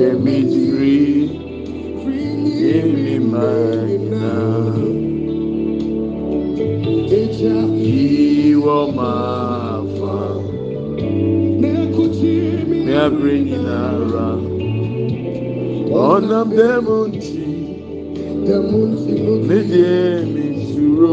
Give me free. Give me back now. Ìwọ máa fà. Ní abiri ara. Ọ̀nà bẹ́ẹ̀ mo ti. Nídìí èmi ṣúró.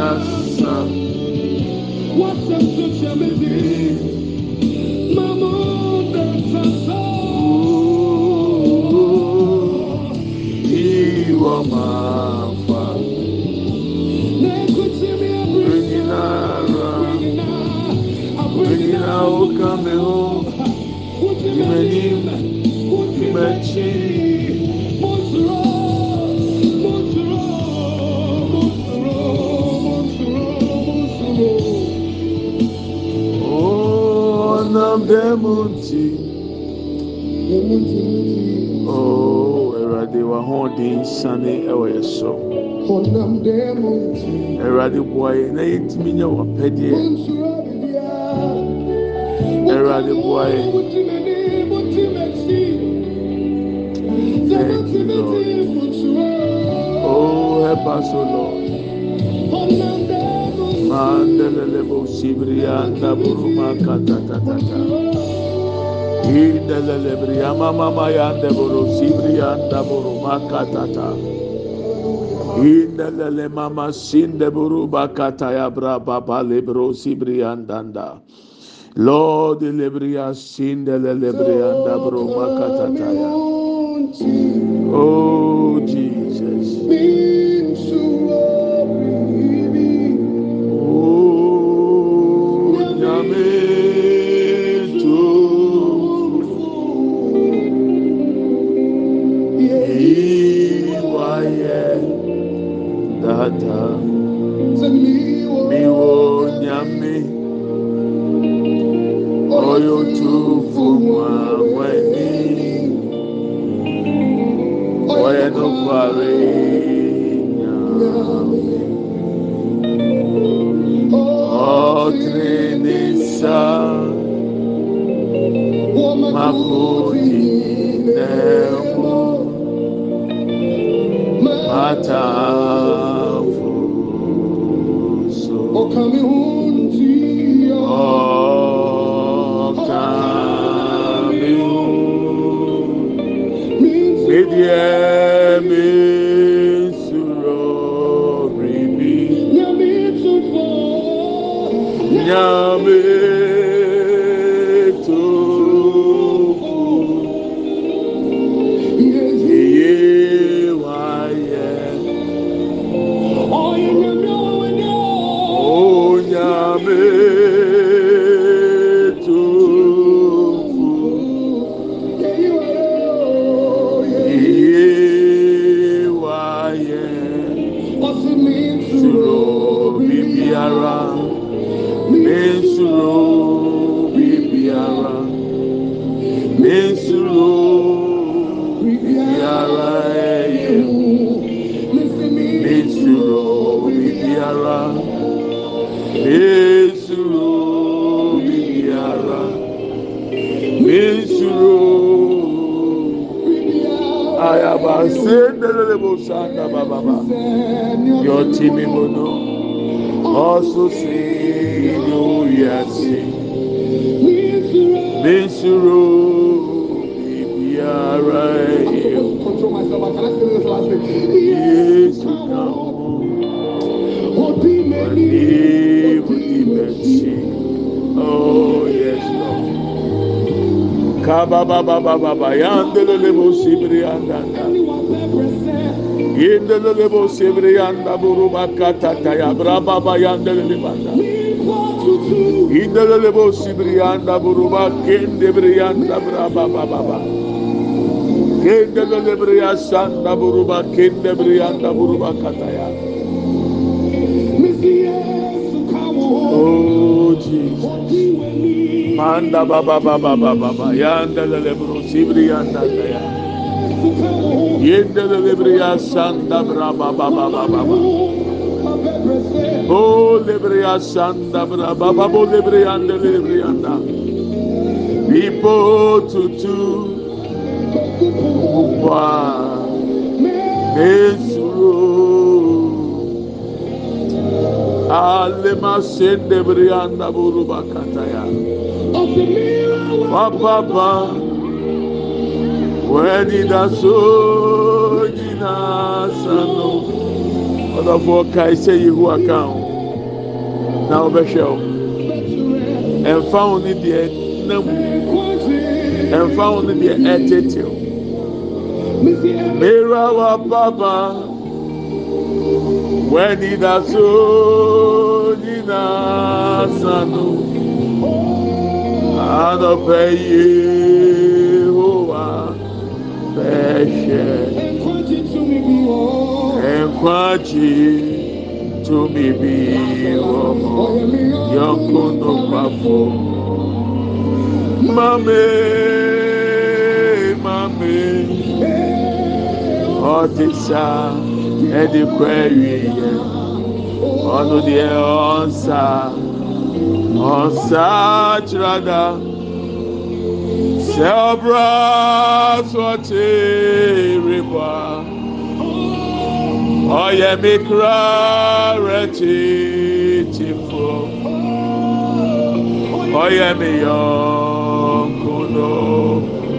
coração. What's up, social baby? Mamão sensação. E o demonti oh awurade w'ahoɔden nsane ɛwɔ yɛ so awurade boa yɛ na yɛntumi nyɛ w'apɛdeɛ awurade boa yɛ thank you lord oh help us o oh lord Mandelelebo Sibrianda Buruma Katakataka. Indelelebriama Mama Yandeboro Sibrianda Buruma Katata. Indelele Mama Sindeburu Bakataya Braba Balebro Sibriandanda. Lord, Lebria Sindelelebrianda Buruma Katataya. Oh. credo farinha. O trinissa, ma puti nemo, matafu. O caminho de O caminho. Media. Yeah. baba ba ba lebo sibri andanda yandele lebo sibri anda buru bakata taya braba ba lebanda lebo sibri anda buru bakende bri anda braba ba ba ba lebri asanda buru bakende bri anda buru bakata ya Jesus. Manda baba baba baba baba yanda lebro sibri yanda ya. Yende lebri ya santa braba baba baba baba. Oh lebri ya santa braba baba bo lebri yanda lebri yanda. Ipo tutu. Wa. Yesu. Alema sende brianda buruba bakataya. Papa, where did I so gina sano? Ọlọ́fọ̀ ọ̀ka ẹsẹ̀ yìí hu àká o, na ọbẹ̀ hwẹ́ o. Ẹ̀nfà wọn ni deẹ nam, ẹ̀nfà wọn ni deẹ ẹ̀tẹ̀tẹ̀ o. Mẹ́rọ wa bàbá. wedi da so di na enquanto tu me fẹsẹ eu túnbí bí ọmọ Mame, mame, mami mami ọtísà. ɛde kɔ awieɛ ɔno deɛ ɔnsa ɔnsa kyerɛ da sɛ ɔbra so ɔkyere bɔ a ɔyɛ me kura rɛkyekyefo ɔyɛ me yɔnko no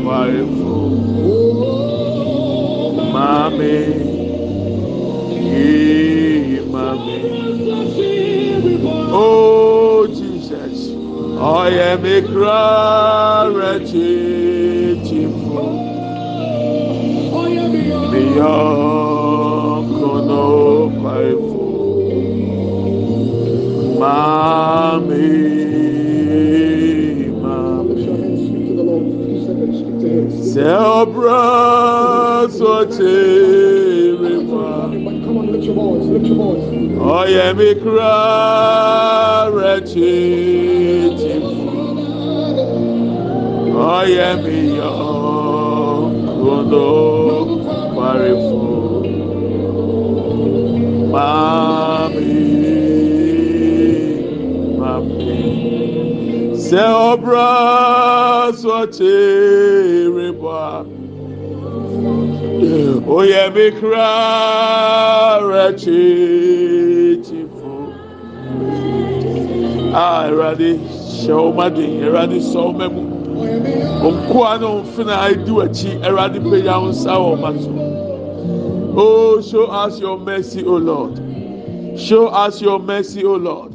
warefo maame. Oh Jesus, I am a grateful. Beyond no painful, mommy, Celebrate what you lift your voice, lift your voice. Oh, mi kúrò rẹ̀ tí tí mú. Ọyẹ mi yọ kúndó oyɛ mi kura rɛkyekyefo a awurade hyɛ wɔn aden awurade sɔ wɔn mu nkoa ne nfina edi wɔkyi awurade pɛgya nsa wɔ wɔn aso oh show us your mercy o oh lord show us your mercy o oh lord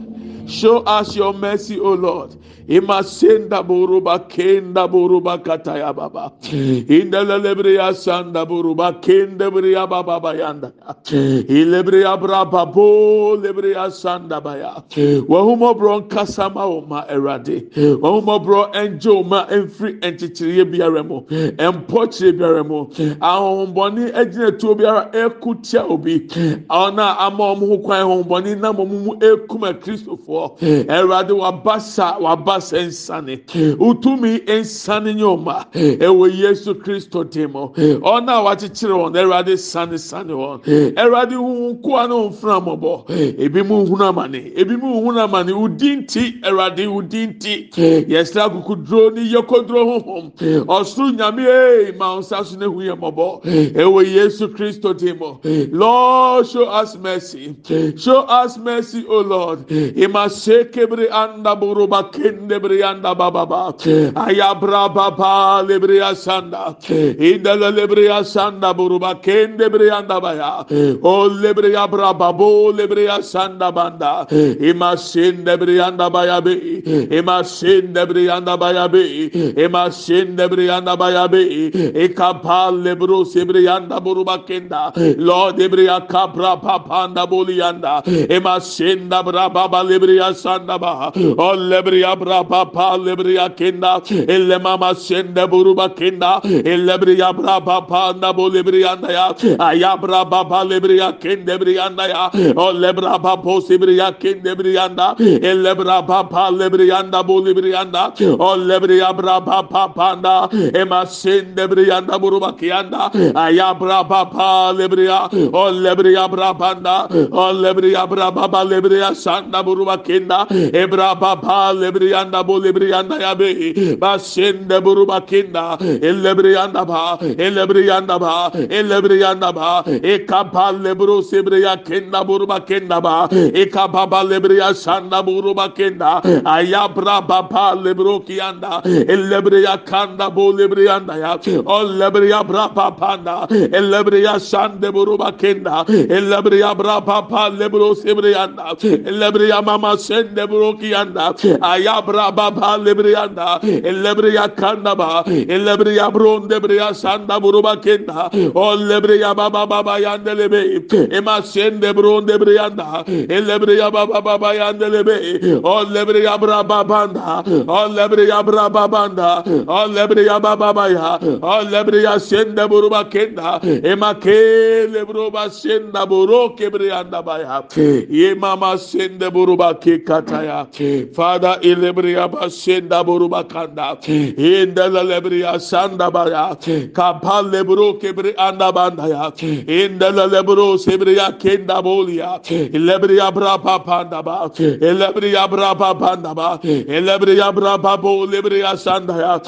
show us your mercy o oh lord. Ima senda buruba kenda buruba kata ya baba indelelebreya sanda buruba kende breya baba bayanda ilebreya braba bo lebreya sanda baya wahumo bro ma oma erade wahumo bro enje ma emfiri enchichiriye biara mu empɔkyire biara mu ahohombɔne agyinatuo biara ekutia obi ɔna ama wɔn ho kwan ahohombɔne nam wɔn mu erade wabasa sa asɛ nsane utumi nsane nye ɔma ɛwɔ yesu kristo dim ɔna a wakyekyere wɔn ɛwurade sane sane wɔn ɛwurade huhu nkoa ne nfura mɔbɔ ebi mu nhunu amane ebi mu nhunu amane udi nti ɛwurade udi nti yɛsɛ akokoduro eh, ne yɛkoduro honhom ɔsoro nyame ee ma nsa so ne hu yɛ mɔbɔ ɛwɔ yesu kristo dim lord show us mercy show us mercy o lord ima se kebre anda boroba ken lebriyanda bababa. Ayabra baba lebriyasanda. İndele lebriyasanda buruba kende briyanda baya. O babo babu lebriyasanda banda. İmasin lebriyanda baya bi. İmasin lebriyanda baya bi. İmasin lebriyanda baya bi. İkapal lebrus lebriyanda buruba kenda. Lord lebriya kapra papanda buliyanda. İmasin da brababa lebriyasanda baha. O lebriya bra braba lebriya kenda elle mama sende buruba kenda elle briya braba panda bo lebriya ya aya braba ba lebriya kende briya ya o lebra ba po sebriya kende briya elle braba pa lebriya da bu lebriya da o lebriya braba pa panda ema sende briya da buruba kiyanda aya braba pa lebriya o lebriya braba da o lebriya braba ba lebriya sanda buruba kenda ebra ba pa lebriya ya be yanda yabi basinde burubakinda elebri yanda ba elebri yanda ba elebri yanda ba ekapal lebru sibri yakinda burubakinda ba ekapal lebri yasanda burubakinda ayabra baba lebru kiyanda elebri yakanda bolibri yanda ya panda olebri yabra papanda elebri yasande burubakinda elebri yabra papa lebru sibri yanda elebri mama sende burukiyanda ayab braba lebriyanda elebriya kandaba elebriya bron debriya sanda buruba kenda o lebriya baba baba yandelebe ema sende bron debriyanda elebriya baba baba yandelebe o lebriya braba banda o lebriya braba banda o lebriya baba baya o lebriya sende buruba kenda ema ke lebruba senda buru kebriyanda baya ye mama sende buruba ke kataya father ile lebriya basenda boruba kanda. Inde la lebriya sanda baya. Kapal lebro kebri anda banda ya. Inde la lebro sebriya kenda bolia. Lebriya brapa panda ba. Lebriya brapa panda ba. Lebriya brapa bo lebriya sanda ya.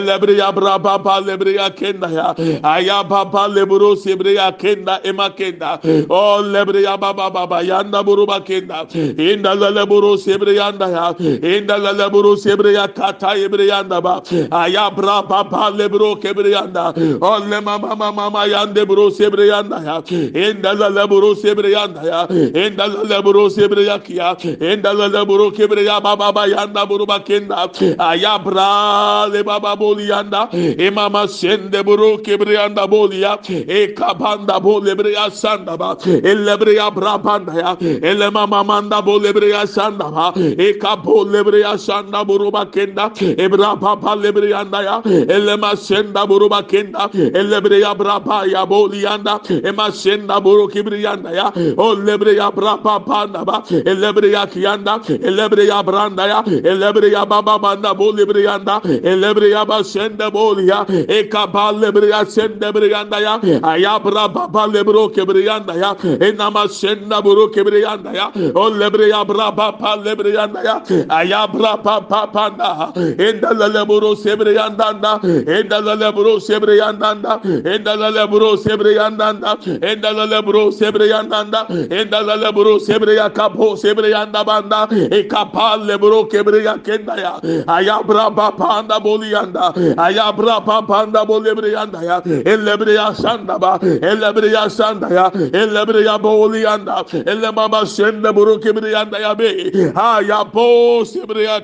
Lebriya brapa pa lebriya kenda ya. Aya papa lebro sebriya kenda ema kenda. Oh lebriya baba baba yanda boruba kenda. Inde la lebro sebriya yanda ya. Inde la lebro sebreya kata ebreyanda ba aya bra baba lebro kebreyanda olle mama mama yande bro sebreyanda ya endala lebro sebreyanda ya endala lebro sebreya kiya endala lebro kebreya baba ba yanda bro bakenda aya bra le baba boli yanda e mama sende bro kebreyanda boli ya e kabanda boli breya sanda ba elle breya bra banda ya elle mama manda boli breya sanda ba e kabole breya sanda buruba kenda ebra papa lebre yanda ya elema senda buruba kenda elebre ya brapa ya boli yanda ema senda buru kibri yanda ya o lebre ya brapa panda ba elebre ya kiyanda elebre ya branda ya elebre ya baba banda boli lebre yanda elebre ya ba senda boli ya e kapal lebre ya senda bre yanda ya ayabra papa lebro kibri yanda ya enama senda buru kibri yanda ya o lebre ya brapa lebre yanda ya ayabra pa pa panda endalale buru sebre yandan da endalale buru sebre yandan da endalale buru sebre yandan da endalale buru sebre yandan da endalale buru sebre ya kapo sebre yanda banda e kapalle buru kebre ya kenda ya ayabra pa panda boli yanda ayabra pa panda boli bre yanda ya ellebre ya sanda ba ellebre ya sanda ya ellebre ya boli yanda elle baba sende buru kebre yanda ya be ha ya po sebre ya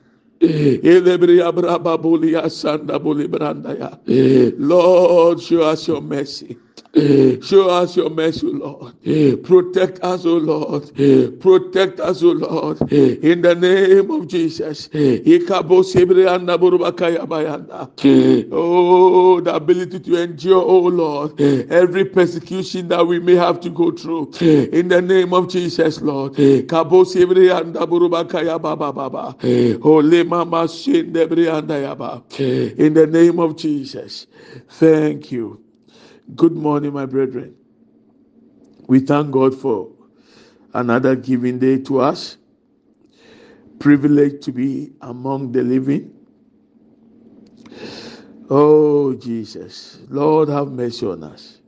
Lord, show us your mercy. Show us your mercy, Lord. Protect us, O Lord. Protect us, O Lord. In the name of Jesus. Oh, the ability to endure, O Lord, every persecution that we may have to go through. In the name of Jesus, Lord. In the name of Jesus. Thank you. Good morning, my brethren. We thank God for another giving day to us. Privileged to be among the living. Oh, Jesus. Lord, have mercy on us.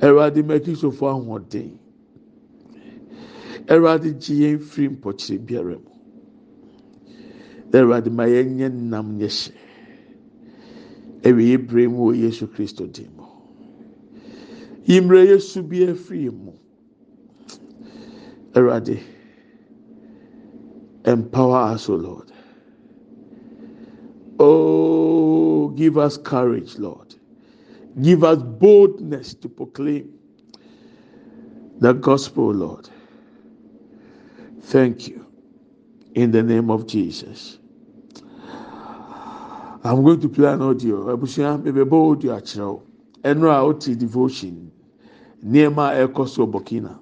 Eradi meki sofo ahoɔden. Eradi gye yɛn firi mpɔkyerɛ biara mu. Eradi ma yɛn nam nyɛ ɛwia ebire mu wɔ yesu kristo dim mu yimire yesu bi efiri mu ɛwurade empower us o lord oh give us courage lord give us boldness to proclaim the gospel lord thank you in the name of jesus. i'm going to play an audio abusua mebɛbɔ audio akyerɛ wo ɛno a wote devotion nneɛma a ɛrekɔ so burkina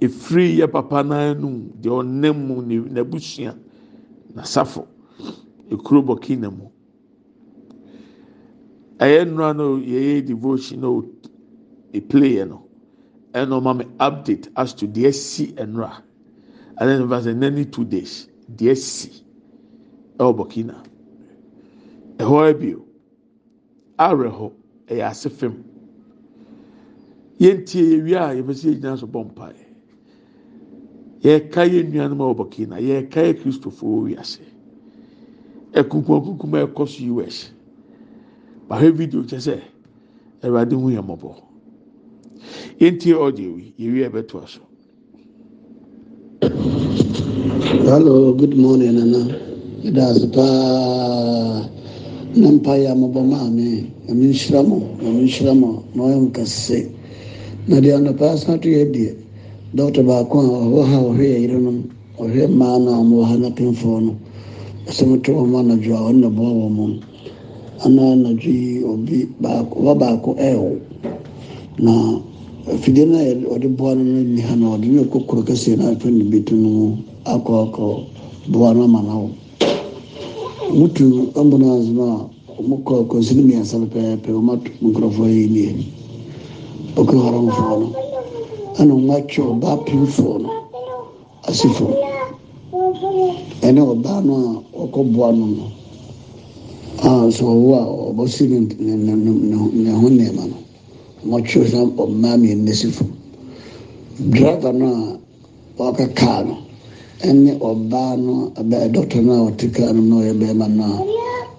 efiri yɛ papa n'anum deɛ ɔnam mu n'abusua n'asafo ekuro Bokina mu ɛyɛ e nnura no yɛyɛ devotion no eplay play eno. Eno ɔma update as to DSC enra. And then ne ba sɛ nani two days DSC. si e Bokina. burkina ɛhɔ abio awerɛhɔ ɛyɛ ase fam yɛntie yɛwie a yɛpɛ sɛ yɛgyina so bɔ mpaeɛ yɛreka yɛn nuanom a wɔbɔ kina yɛreka yɛ kristofoɔ wɔ wiase ɛkunkumakunkuma ɛkɔ so us bahwɛ video kyɛ sɛ ɛwurade ho yɛ mɔbɔ yɛntie ɔdi ewi yɛwie ɛbɛtoa so. hello good morning nana yɛda ase paa. nampaye amabɔmaame nyame nhyira mo nyame nhyira mo na ɔyɛ mo kɛse na deɛ anɔpa asan to yɛ deɛ dɔkta baako a ɔwɔ ha ɔhwɛ yɛ yerenom ɔhwɛ mmaa no a baako na afidie no a no ni na ɔde ne ɔkɔkoro kɛseɛ no afɛ ne bi to wotu ambulance no a mokɔ kɔnsini mmiɛnsa pɛpɛɛpɛ wɔma nkurɔfoɔ yɛ nie ɔkɛ hɔrɔmfoɔ no ɛna wɔatwe ɔbaa pimfoɔ no asifo ɛne ɔbaa no a ɔkɔboa no no a sɛ ɔwo a ɔbɔsi ne hone nneɛma no wɔtwe sɛ ɔmaa mmienu no asifo driver no a wɔaka no ne ɔbaa no abɛ dɔkta no a ɔte kaa no na ɔyɛ bɛrima no a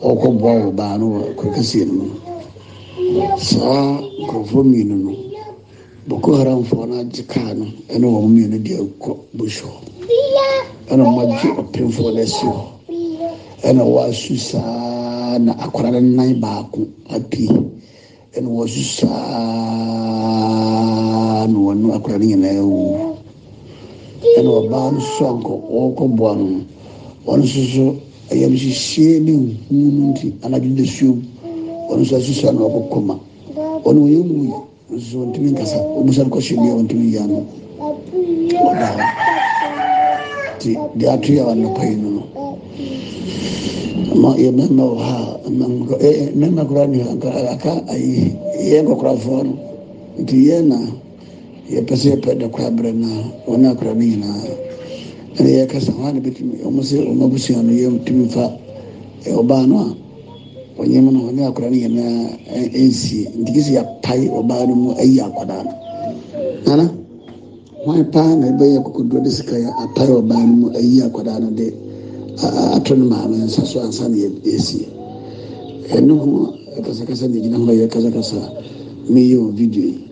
ɔkɔboa ɔbaa no wɔ kɔkɛseɛ no mu saa nkurɔfoɔ mmienu no boko haram foɔ no agye kaa no ɛne wɔn mmienu deɛ kɔ busu hɔ ɛna wɔn agye ɔpemfoɔ no asi hɔ ɛna wɔasu saa na akwadaa no nan baako apue ɛna wɔasu saa na wɔn akwadaa no nyinaa awu ɛna ɔbaa no so a nkɔ wɔrekɔboa no no wɔn nso so ayamhyehyɛ ne nhu no nti anadwo da suom wɔn nso asusua no ɔkɔkɔ ma wɔn wɔyɛ mu yi nso wɔntumi nkasa wɔbusa no kɔhyɛ bia wɔntumi yia no ɔda hɔ nti deɛ ato yɛ wɔn anapa yi no no ama yɛ mmarima wɔ ha mmarima koraa ne aka ayi yɛ nkɔkorafoɔ no nti yɛ na yɛpɛ sɛ yɛpɛ da kɔ abrɛ na a wɔne akora no nyinaa ɛne yɛkasa hɔ a ne bɛtumi ɔmo sɛ ɔma abusua no yɛtumi fa ɔbaa no a ɔnyɛm no ɔne akora no nyinaa ɛnsie nti kɛ sɛ yɛpae ɔbaa no mu ayi akwadaa no nana hwan paa na ɛbɛyɛ kokodoɔ de sika yɛ apae ɔbaa no mu ayi akwadaa no de ato no maame nsa so ansa na yɛsie ɛno ho ɛkasakasa ne gyina hɔ yɛkasakasa meyɛ wɔ video yi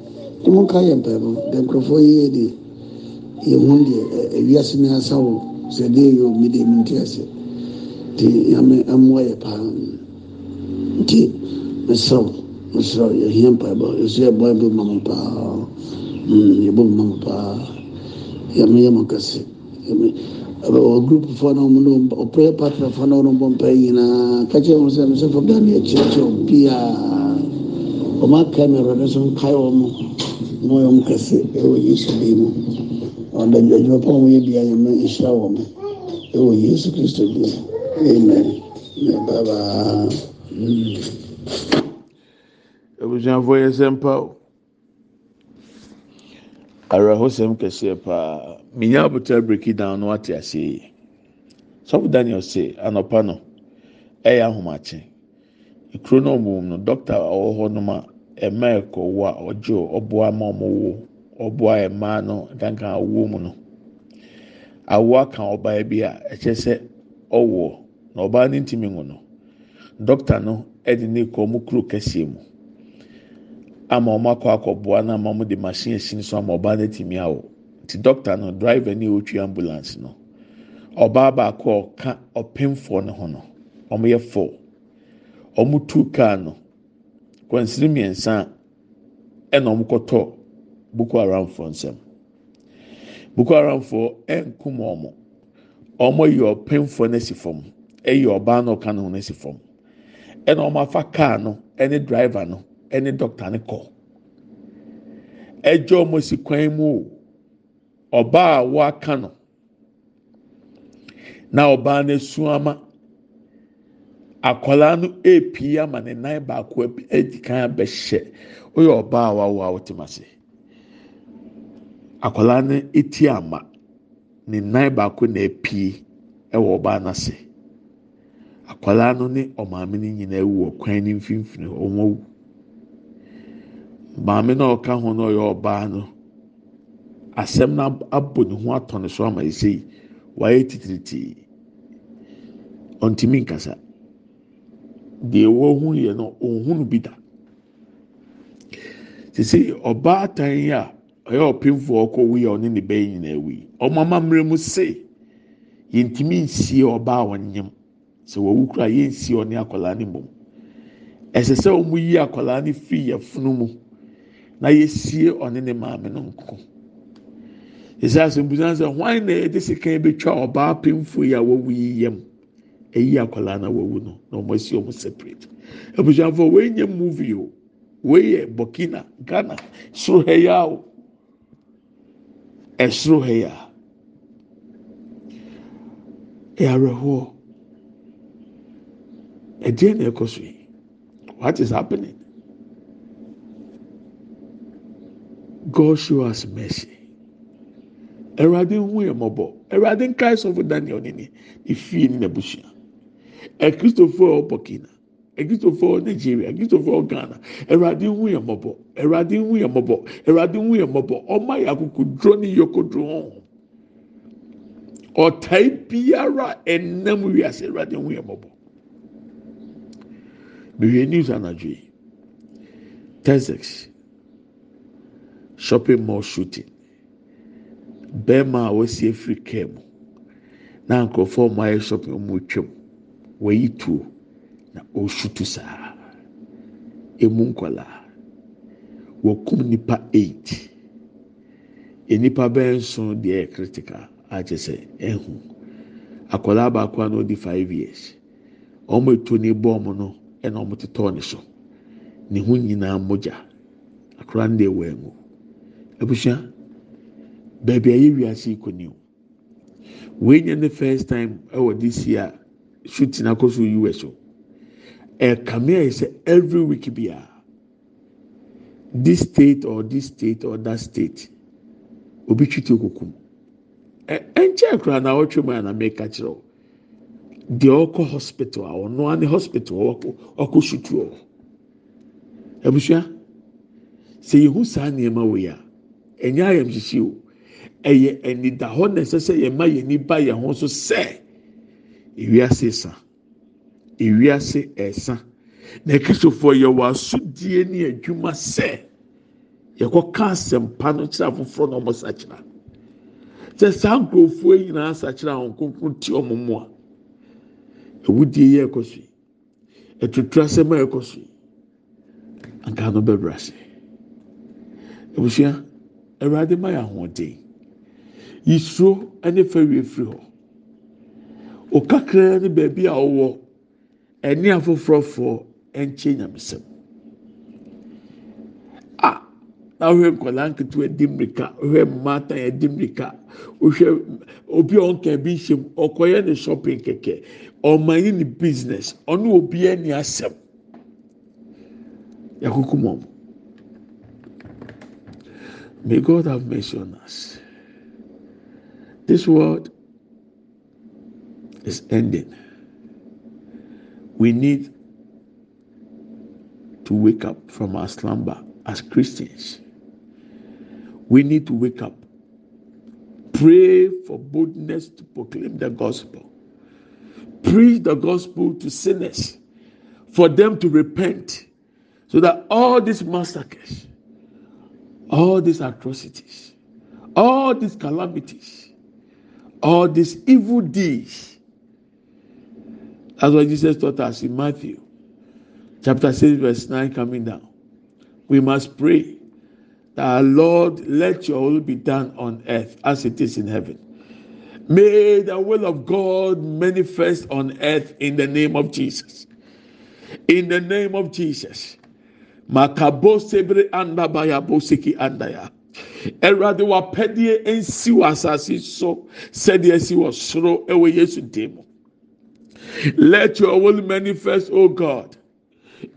nunka yɛ mpɛm nkurɔfoɔ yie de ehu deɛ ewiase ne asa wo sɛ de yɛ omi de mi nti ase te yame amoa yɛ paa nti mesrɛw mesrɛw yɛhia mpaebɔ yɛso yɛbɔ yɛbɔ ma mo paa yɛbɔ ma mo paa yame yɛ mo kɛse ɔ group fɔ na ɔmo no ɔ prayer partner fɔ na ɔmo bɔ mpae nyinaa kakyɛ wɔn sɛ mesɛ fɔm dan yɛ kyerɛkyerɛ wɔn pia ɔmo aka mi wɔn n'ɔyɛ mu kɛse ɛwɔ yesu bi mu ɔdɛdɛ adwuma pa wɔn yɛ meu ayɛ mɛ nhyira wɔn ɛwɔ yesu kristo bi mu amen mɛ babaa. abusuafoɔ yɛ sɛ mpa o awerɛhosɛm kɛseɛ paa menya abotar breki down no wate aseɛ yi sɔfo daniel se anɔpa no ɛyɛ ahomakye kuro no ɔmum no dɔkta a ɔwɔ hɔ nom a mmaa ɛkɔwo a ɔgye ɔboa ma ɔmo ɔboa mmaa no nkankan awoɔ mu no awoɔ ka ɔbaa bi a ɛkyɛ sɛ ɔwɔ na ɔbaa no ntumi ŋu no dɔkta no ɛde ne kɔ ɔmo kuro kɛseɛ mu ama ɔmo akɔ akɔboa no ama ɔmo de machine esi ne so ama ɔbaa no ntumi awɔ nti dɔkta no driver ne otwi ambulance no ɔbaa baako a ɔka ɔpemfoɔ ne ho no ɔmo yɛ four ɔmo tu kaa no. kwansiri mmiɛnsa ɛna wɔn kɔtɔ boko haram foɔ nsam boko haram foɔ ɛnkum wɔn wɔn yɛ ɔpɛnfoɔ no si fam ɛyɛ ɔbaa no ɔka ne ho no si fam ɛna wɔn afa kaa no ɛne driver no ɛne dɔkta no kɔ ɛgye wɔn si kwan mu o ɔbaa a wɔaka no na ɔbaa no esu ama. akwadaa no epi ama ne nan baako edi kan abɛhyɛ ɔyɛ ɔbaa a wawo a ɔte ma ase akwadaa no eti ama ne nan baako na epi ɛwɔ ɔbaa ase akwadaa no ne ɔmaame no nyinaa wɔ kwan no mfimfini wɔn awu maame no a ɔka ho no ɔyɛ ɔbaa no asɛm no abɔ ne ho atɔ ne so ama esi wayɛ titiritii ɔntumi nkasa. deɛ wɔhunu yɛ no ohunu bi da sisi ɔbaatan yi a ɔyɛ ɔpinfo ɔkɔ wi a ɔne ne bɛyɛ nyinaa wi ɔmo ama mmerɛ mu se yɛntumi nsie ɔbaa wɔnyam sɛ wɔwu kura yɛnsie ɔne akwadaa ne mbom ɛsɛ sɛ ɔmo yi akwadaa ne fi yɛ funu mu na yɛsie ɔne ne maame no nko sisi asɛm busan sɛ hwan na yɛde sika twa ɔbaa pinfo yi a wɔwu yi yam. ɛyi akwadaa na wawu no na wɔn asi wɔn separate abusuafo wei nye movie o wei yɛ burkina ghana soro ha o ɛsoro ha yi a ɛyarɛhoɔ ɛdeɛ na ɛkɔ so yi what is happening god show us mercy ɛwurade hu yɛ mɔbɔ ɛwurade nkae sɔfo daniel nini ne fie ne n'abusua. ɛkristofo a ɔbɔkina ɛkristofo nigeria ɛkristofo ghana ɛwurade hu yɛ mɔbɔ ɛwurade hu yɛ mɔbɔ ɛwurade hu yɛ mɔbɔ ɔma yɛ akoko duro ne yɔko duro ho ɔtae biara ɛnam wiase ɛwurade hu yɛ mɔbɔ mehwɛ news anadwo yi tesex shopping mall shooting bɛrima a wɔasi afiri na nkurɔfoɔ a wɔayɛ shopping mu wɔyi tuo na ɔresutu saa emu nkwadaa wɔkum nipa eight enipa bɛyɛ nson deɛ yɛ critical akyɛ sɛ ɛho akwadaa baako a na five years wɔn etuo ne bɔɔm no ɛna wɔn tetɔ ne so ne ho nyinaa mogya akwadaa no deɛ wɔn ngo abusua beebi a yɛ wiase yi kɔ ni o wɔnyɛ ne first time ɛwɔ disi a. shooting akɔ so us o ɛkame ayɛ sɛ every week bia this state or this state or that state obi twitwi okukum ɛnkyɛn na ɔtwe mu ana mɛka kyerɛw deɛ ɔkɔ hospital a hospital ɔkɔ ɔkɔ shooting ɔwɔ eh, abusua sɛ yehu saa nneɛma wɔ yi a ɛnyɛ ayɛmhyehye o ɛyɛ eh, na ɛsɛ sɛ yɛn yɛn ho so ewiase sa ewiase ɛsa na kristofoɔ yɛ wɔ asodie ne adwuma sɛ yɛkɔka asɛmpa no kyerɛ afoforɔ na ɔmo sakyera sɛ saa nkurɔfoɔ nyinaa sakyera wɔn kunkun ti ɔmo mu a ewudie yɛ ɛkɔ so yi ɛtutu asɛm a ɛkɔ so yi anka no bɛbra se ebusua awurade ma yɛ ahoɔden yisuro ɛne fɛwie firi hɔ. okakra ne baabi a wowɔ ɛne afoforɔfoɔ ɛnkyɛ nyamesɛm a na wohwɛ nkwadaa nketewa di mmirika wohwɛ mmata yɛdi mmirika wohwɛ obi a ɔnka bi nhyɛm ɔkɔyɛ ne shopping kɛkɛ ɔmanye ne business ɔne obi ne asɛm yɛkoko mɔm may god have mercy on us this world is ending. We need to wake up from our slumber as Christians. We need to wake up. Pray for boldness to proclaim the gospel. Preach the gospel to sinners for them to repent so that all these massacres, all these atrocities, all these calamities, all these evil deeds that's what Jesus taught us in Matthew chapter 6, verse 9, coming down. We must pray that our Lord, let your will be done on earth as it is in heaven. May the will of God manifest on earth in the name of Jesus. In the name of Jesus. Makabosebre andabaya bosiki andaya. Erade wapedie ensi wasasi so said yesi wasro ewe yesu demo. Let your will manifest, O God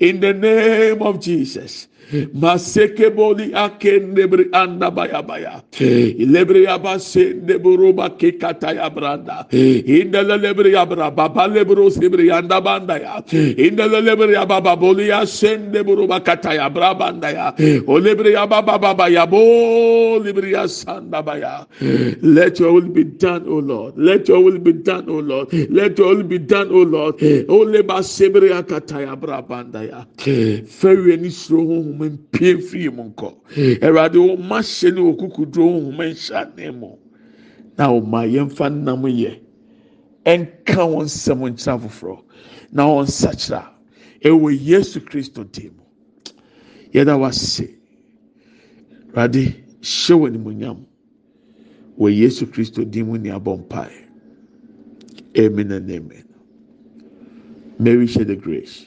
in the name of Jesus. Masekeboli akendebri anda baya baya. Lebri abase neburuba kikata ya branda. Indele lebri abra baba lebro sebri anda banda ya. Indele lebri ababa boli asende buruba kata ya brabanda ya. Olebri ababa baba ya bo lebri asanda baya. Let your will be done, O Lord. Let your will be done, O Lord. Let your will be done, O Lord. Oleba sebri akata ya brabanda daeɛ fɛwie ne suro honhoma mpie mfiri mu nkɔ awurade wo ma hyɛ ne wɔ kukuduro honhoma nhyɛ ne mu na ɔma yɛmfa nam yɛ ɛnka wɔn nsɛm nkyerɛ foforɔ na wɔn nsakyerɛ ɛwɔ yesu kristo dim mu yɛda wase awurade hyɛ wɔ nimunyam wɔ yesu kristo dim mu ne abɔ mpae amen and amen mary share the grace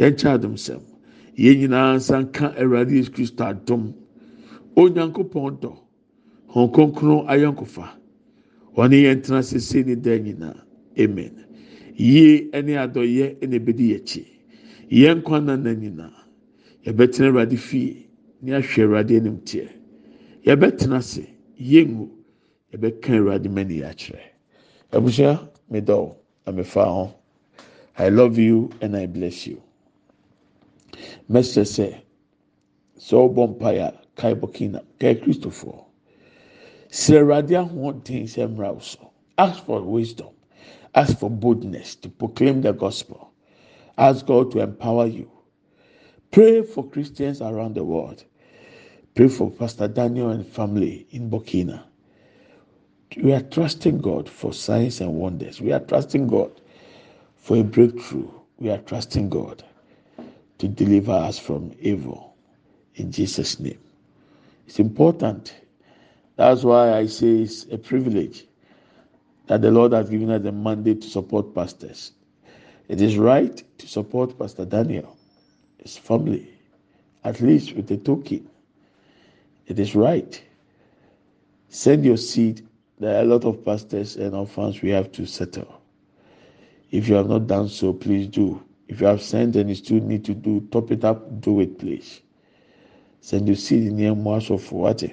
yɛnkyɛ adomsɛm yɛn nyinaa nsa nka awurade yesu kristo adom onyankopɔn dɔ hɔn kronkron ayɔnkofa wɔne yɛn tena sese ne da nyinaa amen yie ne adɔyɛ na ebedi yɛkyi yɛn nkwa nana nyinaa yɛbɛtena awurade fie ne ahwɛ awurade anim teɛ yɛbɛtena ase yɛngu yɛbɛka awurade mani akyerɛ abusua mi dɔw amefa ho i love you and i bless you mɛsɛ sɛ sɛ ɔbɔ mpaeɛ kae burkina kae kristofoɔ srɛ awurade ahoɔden sɛ mmra wo so ask for wisdom ask for boldness to proclaim the gospel ask god to empower you pray for christians around the world pray for pastor daniel and family in burkina we are trusting god for signs and wonders we are trusting god for a breakthrough we are trusting god to deliver us from evil. In Jesus' name. It's important. That's why I say it's a privilege that the Lord has given us the mandate to support pastors. It is right to support Pastor Daniel, his family, at least with a token. It is right. Send your seed. There are a lot of pastors and orphans we have to settle. If you have not done so, please do. If you have sent and you still need to do, top it up, do it, please. Send your seed near mass of water.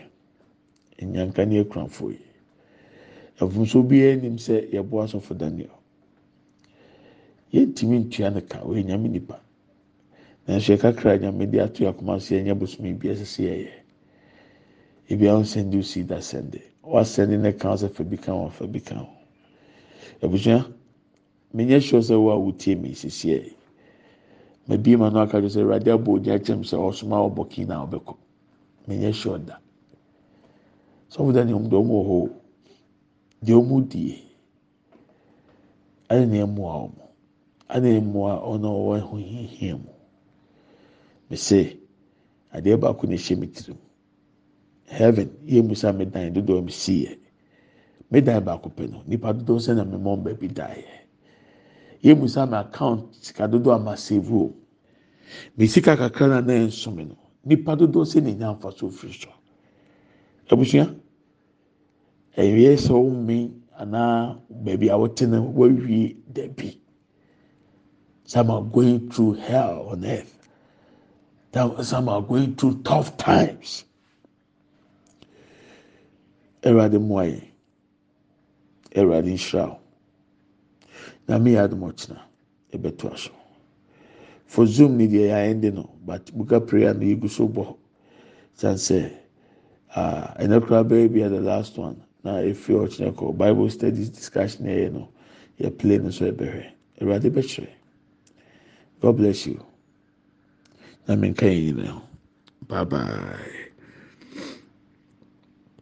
And you can hear cramp for you. Ɛfun so bi anim sɛ yɛbɔ for Daniel. Yɛntumi ntua ne ka, ɔyɛ nyame nipa. Nanso yɛ kakra nyame de ato yɛ akoma and yɛnyɛ bosomi bi ɛsɛ sɛ yɛyɛ. Ebi ahun send you seed asɛnde. Wasɛnde ne kan sɛ fɛ bi kan ho, fɛ bi kan ho. Ebusua, menyɛ sure sɛ wo a wotie mi sisi yɛ. na bi ma no aka sɛ awurade abɔ ogya kyɛm sɛ ɔsoma wɔ bɔkin na ɔbɛkɔ menyɛ sure da sɔfo da ne mu dɔm wɔ hɔ deɛ ɔmo die ɛne ne ɔmo ɛne ɔno ɔwɔ mu adeɛ baako na ɛhyɛ me tirim heaven yɛ mu sa dan dodoɔ si yɛ me baako pɛ no nipa dodoɔ sɛ na me mɔ mbɛ ebusa mi account sika dodo ama save o mi sika kakra na nan nsome no nipa dodo sɛ ne nya nfa so firi so abusua ɛyɛ sɛ ɔmi anaa baabi a wɔte no wɔawie dabi some are going through hell on earth some are going through tough times ɛwurade mmoa yɛ ɛwurade nhyira o nyame yɛ adom ɔkyena ɛbɛto aso for zoom ni deɛ yɛayɛ de no but buka prayer no yɛgu so bɔ kyɛn sɛ ah, ɛnɛ koraa bɛyɛ bi the last one na efi ɔkyena kɔ bible studies discussion ɛyɛ no yɛ play no so ɛbɛhwɛ ɛwurade bɛkyerɛ god bless you na mi nka yɛn nyinaa bye bye.